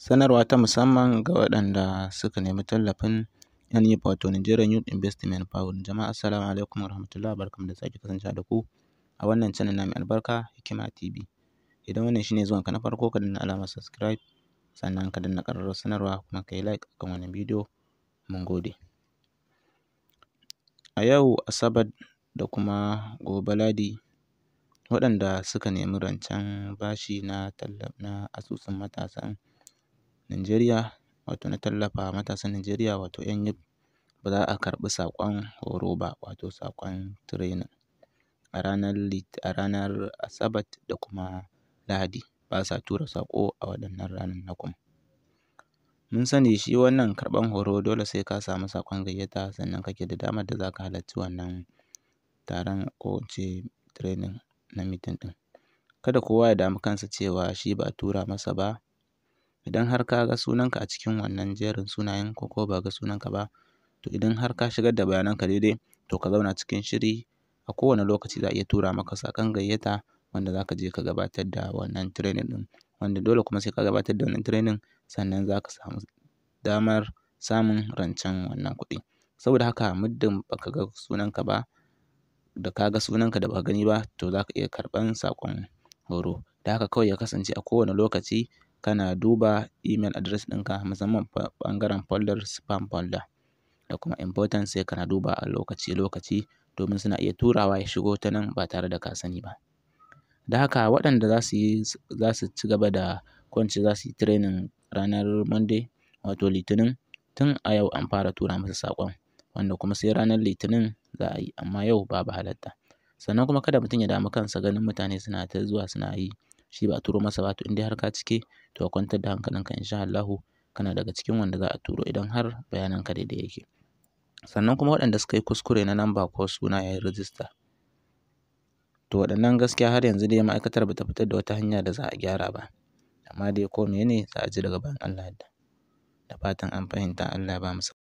Sanarwa ta musamman ga waɗanda suka nemi tallafin yi e wato Nigerian Youth Investment Fund. Jama'a assalamu alaikum warahmatullahi barkamu da sake kasancewa da ku a wannan channel na mai albarka Hikima TV. Idan wannan shine zuwan ka na farko ka danna alamar subscribe sannan ka danna ƙararrawar sanarwa kuma ka yi like akan wannan bidiyo. Mun gode. A yau Asabar da kuma gobe Ladi waɗanda suka nemi rancen bashi na na asusun matasan Najeriya wato na tallafa matasan Najeriya wato yan yi ba za a karɓi saƙon horo ba wato saƙon training a ranar Lit a ranar Asabar da kuma Lahadi ba sa tura saƙo a waɗannan kuma. Mun sani shi wannan karɓan horo dole sai ka samu saƙon gayyata sannan kake da damar da za ka halarci wannan taron ko in ce training na meeting ɗin. Kada kowa ya damu kansa cewa shi ba a tura masa ba Idan har ka ga sunanka a cikin wannan jerin sunayen ko ko ba ga sunanka ba, to idan har ka shigar da bayananka daidai, to ka zauna cikin shiri a kowane lokaci za a iya tura maka saƙon gayyata wanda za ka je ka gabatar da wannan training ɗin. Wanda dole kuma sai ka gabatar da wannan training sannan za ka samu damar samun rancen wannan kuɗi. Saboda haka muddin ba ka ga sunanka ba, da ka ga sunanka da ba gani ba, to za ka iya karɓan saƙon horo. Da haka kawai ya kasance a kowane lokaci kana duba email address ɗinka musamman ɓangaren folder spam folder da kuma important sai kana duba a lokaci lokaci domin suna iya turawa ya shigo ta nan ba tare da ka sani ba. Da haka waɗanda za su yi ci gaba da ko za su yi training ranar Monday wato Litinin tun a yau an fara tura masa saƙon wanda kuma sai ranar Litinin za a yi amma yau babu halatta. Sannan kuma kada mutum ya damu kansa ganin mutane suna ta zuwa suna yi. shi ba a turo masa ba to in dai har ka cike to a kwantar da hankalinka insha Allahu kana daga cikin wanda za a turo idan har bayanan ka daidai yake sannan kuma waɗanda suka yi kuskure na namba ko suna ya yi rijista to waɗannan gaskiya har yanzu dai ma'aikatar ba ta fitar da wata hanya da za a gyara ba amma dai ko mene za a ji daga bayan Allah da fatan an fahimta Allah ba mu